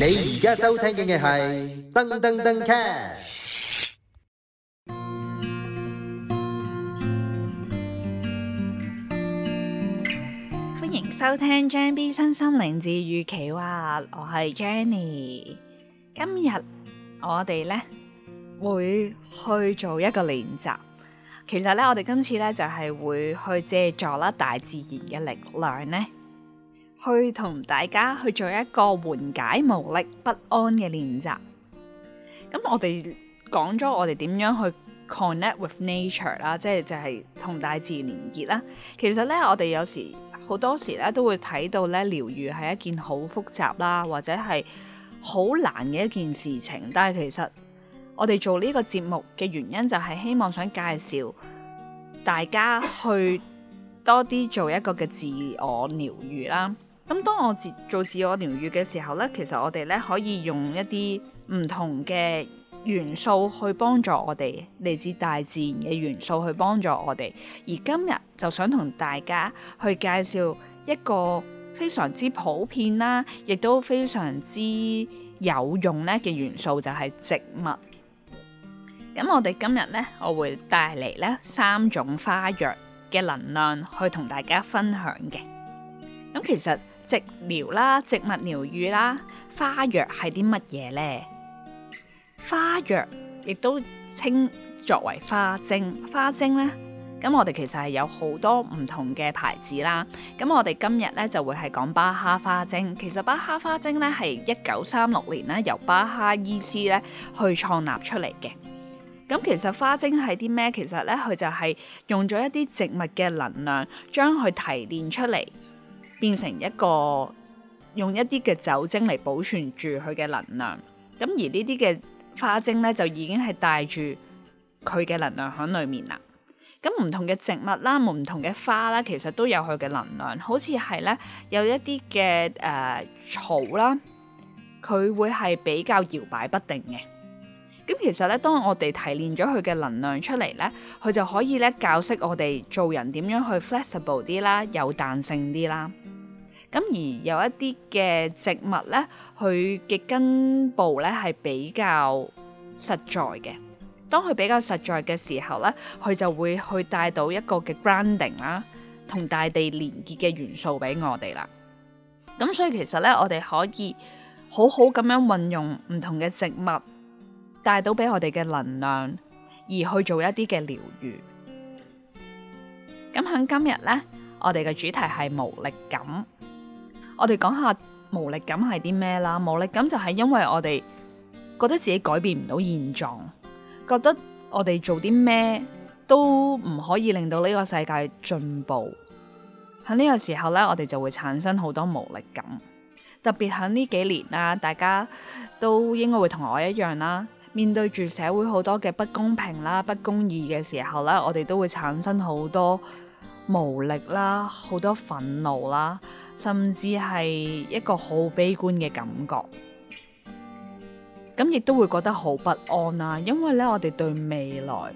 你而家收聽嘅係噔噔噔卡，歡迎收聽 Jenny 身心靈治愈奇話，我係 Jenny。今日我哋咧會去做一個練習，其實咧我哋今次咧就係、是、會去借助啦大自然嘅力量咧。去同大家去做一個緩解無力不安嘅練習。咁我哋講咗我哋點樣去 connect with nature 啦，即係就係同大自然連結啦。其實咧，我哋有時好多時咧都會睇到咧療愈係一件好複雜啦，或者係好難嘅一件事情。但係其實我哋做呢個節目嘅原因就係希望想介紹大家去多啲做一個嘅自我療愈啦。咁當我自做自我療愈嘅時候咧，其實我哋咧可以用一啲唔同嘅元素去幫助我哋，嚟自大自然嘅元素去幫助我哋。而今日就想同大家去介紹一個非常之普遍啦，亦都非常之有用咧嘅元素，就係植物。咁我哋今日咧，我會帶嚟咧三種花藥嘅能量去同大家分享嘅。咁其實植療啦，植物療愈啦，花藥係啲乜嘢呢？花藥亦都稱作為花精，花精呢，咁我哋其實係有好多唔同嘅牌子啦。咁我哋今日呢，就會係講巴哈花精。其實巴哈花精呢，係一九三六年呢由巴哈醫師咧去創立出嚟嘅。咁其實花精係啲咩？其實呢，佢就係用咗一啲植物嘅能量，將佢提煉出嚟。變成一個用一啲嘅酒精嚟保存住佢嘅能量，咁而呢啲嘅花精咧就已經係帶住佢嘅能量響裏面啦。咁唔同嘅植物啦，唔同嘅花啦，其實都有佢嘅能量。好似係咧，有一啲嘅誒草啦，佢會係比較搖擺不定嘅。咁其實咧，當我哋提煉咗佢嘅能量出嚟咧，佢就可以咧教識我哋做人點樣去 flexible 啲啦，有彈性啲啦。咁而有一啲嘅植物咧，佢嘅根部咧係比較實在嘅。當佢比較實在嘅時候咧，佢就會去帶到一個嘅 grounding 啦，同大地連結嘅元素俾我哋啦。咁所以其實咧，我哋可以好好咁樣運用唔同嘅植物。帶到俾我哋嘅能量，而去做一啲嘅療愈。咁喺今日呢，我哋嘅主題係無力感。我哋講下無力感係啲咩啦？無力感就係因為我哋覺得自己改變唔到現狀，覺得我哋做啲咩都唔可以令到呢個世界進步。喺呢個時候呢，我哋就會產生好多無力感，特別喺呢幾年啦，大家都應該會同我一樣啦。面對住社會好多嘅不公平啦、不公義嘅時候咧，我哋都會產生好多無力啦、好多憤怒啦，甚至係一個好悲觀嘅感覺。咁亦都會覺得好不安啦、啊，因為咧我哋對未來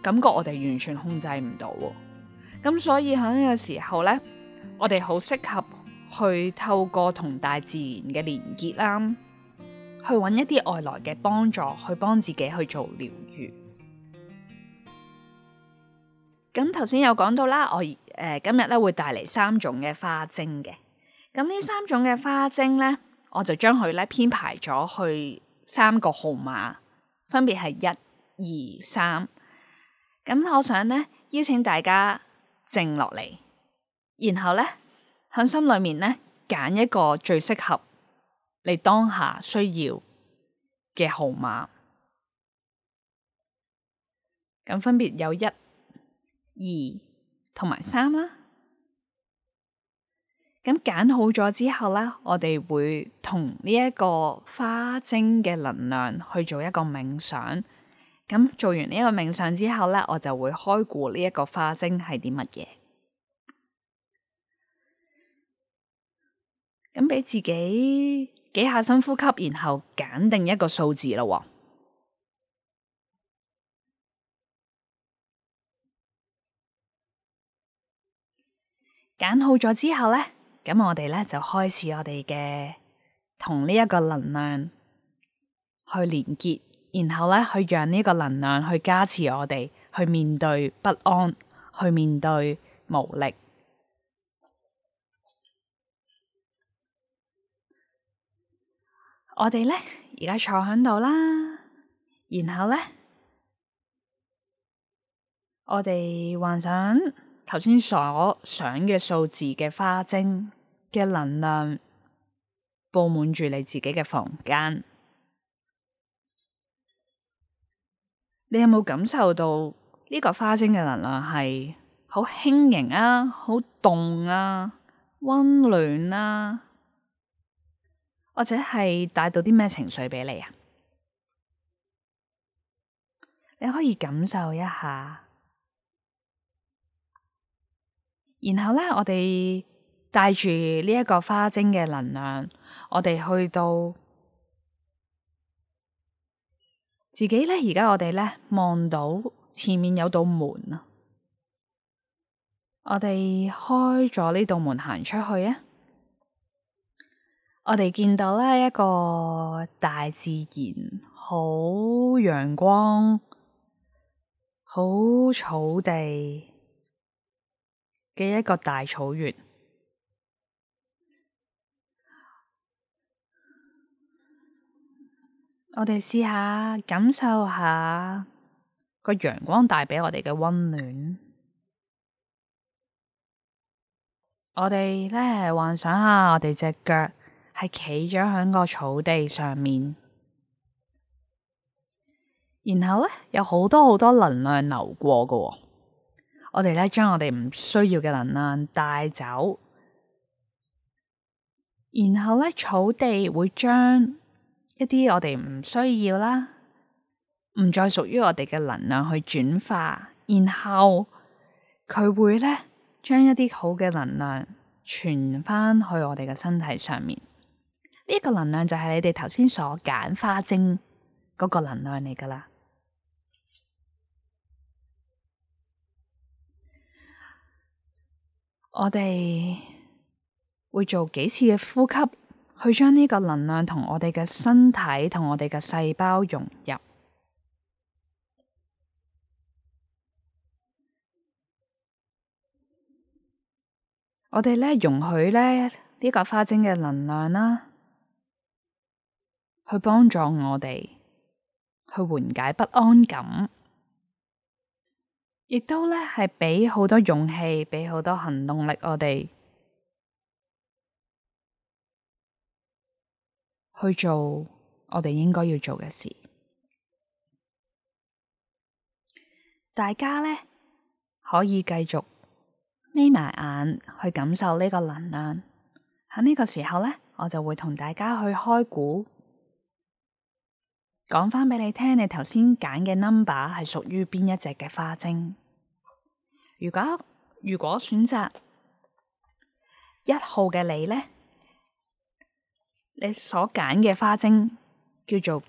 感覺我哋完全控制唔到，咁所以喺呢個時候咧，我哋好適合去透過同大自然嘅連結啦。去揾一啲外來嘅幫助，去幫自己去做療愈。咁頭先有講到啦，我誒、呃、今日咧會帶嚟三種嘅花精嘅。咁呢三種嘅花精呢，我就將佢咧編排咗去三個號碼，分別係一、二、三。咁我想呢，邀請大家靜落嚟，然後呢，喺心裏面呢，揀一個最適合你當下需要嘅號碼，咁分別有一、二同埋三啦。咁揀好咗之後咧，我哋會同呢一個花精嘅能量去做一個冥想。咁做完呢個冥想之後呢，我就會開估呢一個花精係啲乜嘢。咁俾自己。幾下深呼吸，然後揀定一個數字咯喎。揀好咗之後呢，咁我哋呢，就開始我哋嘅同呢一個能量去連結，然後呢，去讓呢個能量去加持我哋，去面對不安，去面對無力。我哋呢，而家坐喺度啦，然後呢，我哋幻想頭先所想嘅數字嘅花精嘅能量布滿住你自己嘅房間，你有冇感受到呢個花精嘅能量係好輕盈啊，好凍啊，溫暖啊？或者係帶到啲咩情緒俾你啊？你可以感受一下，然後咧，我哋帶住呢一個花精嘅能量，我哋去到自己咧。而家我哋咧望到前面有道門啊，我哋開咗呢道門行出去啊。我哋見到咧一個大自然，好陽光，好草地嘅一個大草原。我哋試下感受下個陽光帶畀我哋嘅溫暖。我哋咧幻想下我哋隻腳。係企咗喺個草地上面，然後呢，有好多好多能量流過㗎喎。我哋呢，將我哋唔需要嘅能量帶走，然後呢，草地會將一啲我哋唔需要啦，唔再屬於我哋嘅能量去轉化，然後佢會呢，將一啲好嘅能量傳翻去我哋嘅身體上面。呢個能量就係你哋頭先所揀花精嗰個能量嚟噶啦，我哋會做幾次嘅呼吸，去將呢個能量同我哋嘅身體同我哋嘅細胞融入。我哋咧容許咧呢個花精嘅能量啦，去幫助我哋，去緩解不安感，亦都咧係俾好多勇氣，俾好多行動力我哋去做我哋應該要做嘅事。大家咧可以繼續眯埋眼去感受呢個能量。喺呢個時候咧，我就會同大家去開估。講翻畀你聽，你頭先揀嘅 number 係屬於邊一隻嘅花精？如果如果選擇一號嘅你呢，你所揀嘅花精叫做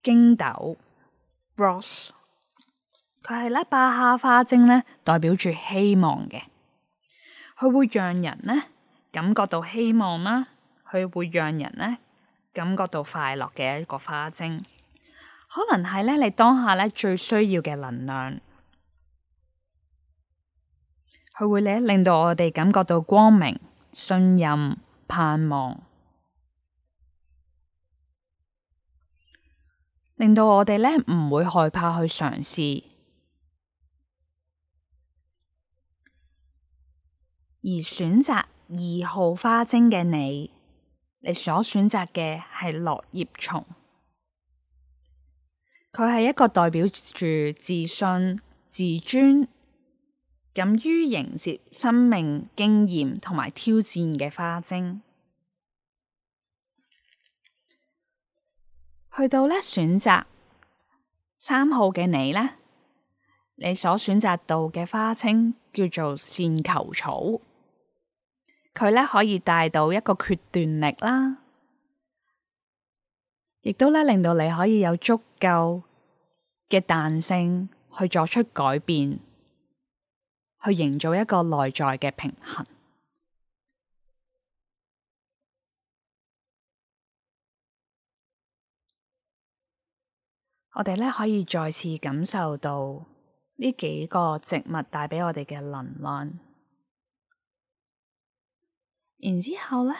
京豆 rose，佢係咧巴哈花精呢，代表住希望嘅，佢會讓人呢感覺到希望啦，佢會讓人呢。感覺到快樂嘅一個花精，可能係呢你當下呢最需要嘅能量，佢會呢令到我哋感覺到光明、信任、盼望，令到我哋呢唔會害怕去嘗試，而選擇二號花精嘅你。你所選擇嘅係落葉松，佢係一個代表住自信、自尊、敢於迎接生命經驗同埋挑戰嘅花精。去到呢，選擇三號嘅你呢？你所選擇到嘅花精叫做線球草。佢咧可以帶到一個決斷力啦，亦都咧令到你可以有足夠嘅彈性去作出改變，去營造一個內在嘅平衡。我哋咧可以再次感受到呢幾個植物帶俾我哋嘅能量。然之後呢，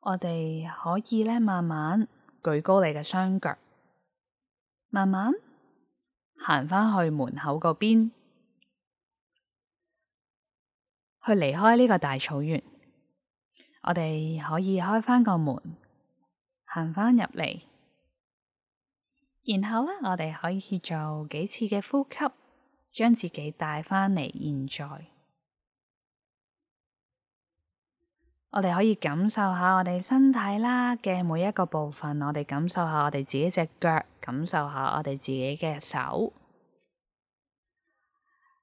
我哋可以呢慢慢舉高你嘅雙腳，慢慢行返去門口嗰邊，去離開呢個大草原。我哋可以開返個門，行返入嚟，然後呢，我哋可以做幾次嘅呼吸，將自己帶返嚟現在。我哋可以感受下我哋身體啦嘅每一個部分，我哋感受下我哋自己隻腳，感受下我哋自己嘅手。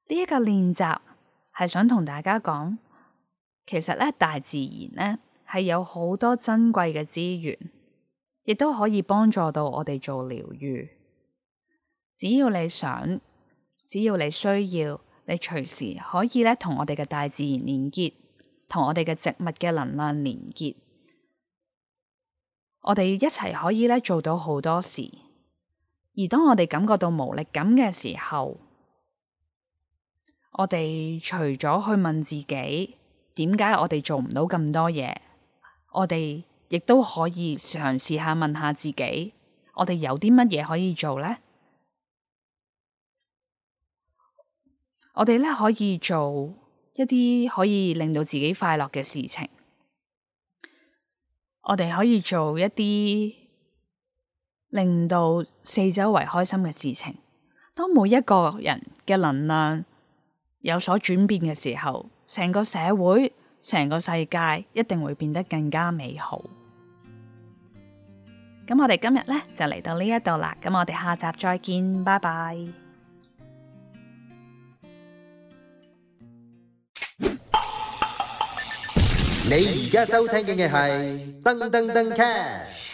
呢一個練習係想同大家講，其實咧大自然咧係有好多珍貴嘅資源，亦都可以幫助到我哋做療癒。只要你想，只要你需要，你隨時可以咧同我哋嘅大自然連結。同我哋嘅植物嘅能量連結，我哋一齊可以咧做到好多事。而當我哋感覺到無力感嘅時候，我哋除咗去問自己點解我哋做唔到咁多嘢，我哋亦都可以嘗試下問下自己，我哋有啲乜嘢可以做呢？我哋咧可以做。一啲可以令到自己快樂嘅事情，我哋可以做一啲令到四周圍開心嘅事情。當每一個人嘅能量有所轉變嘅時候，成個社會、成個世界一定會變得更加美好。咁我哋今日咧就嚟到呢一度啦，咁我哋下集再見，拜拜。你而家收聽嘅係噔噔噔 cast。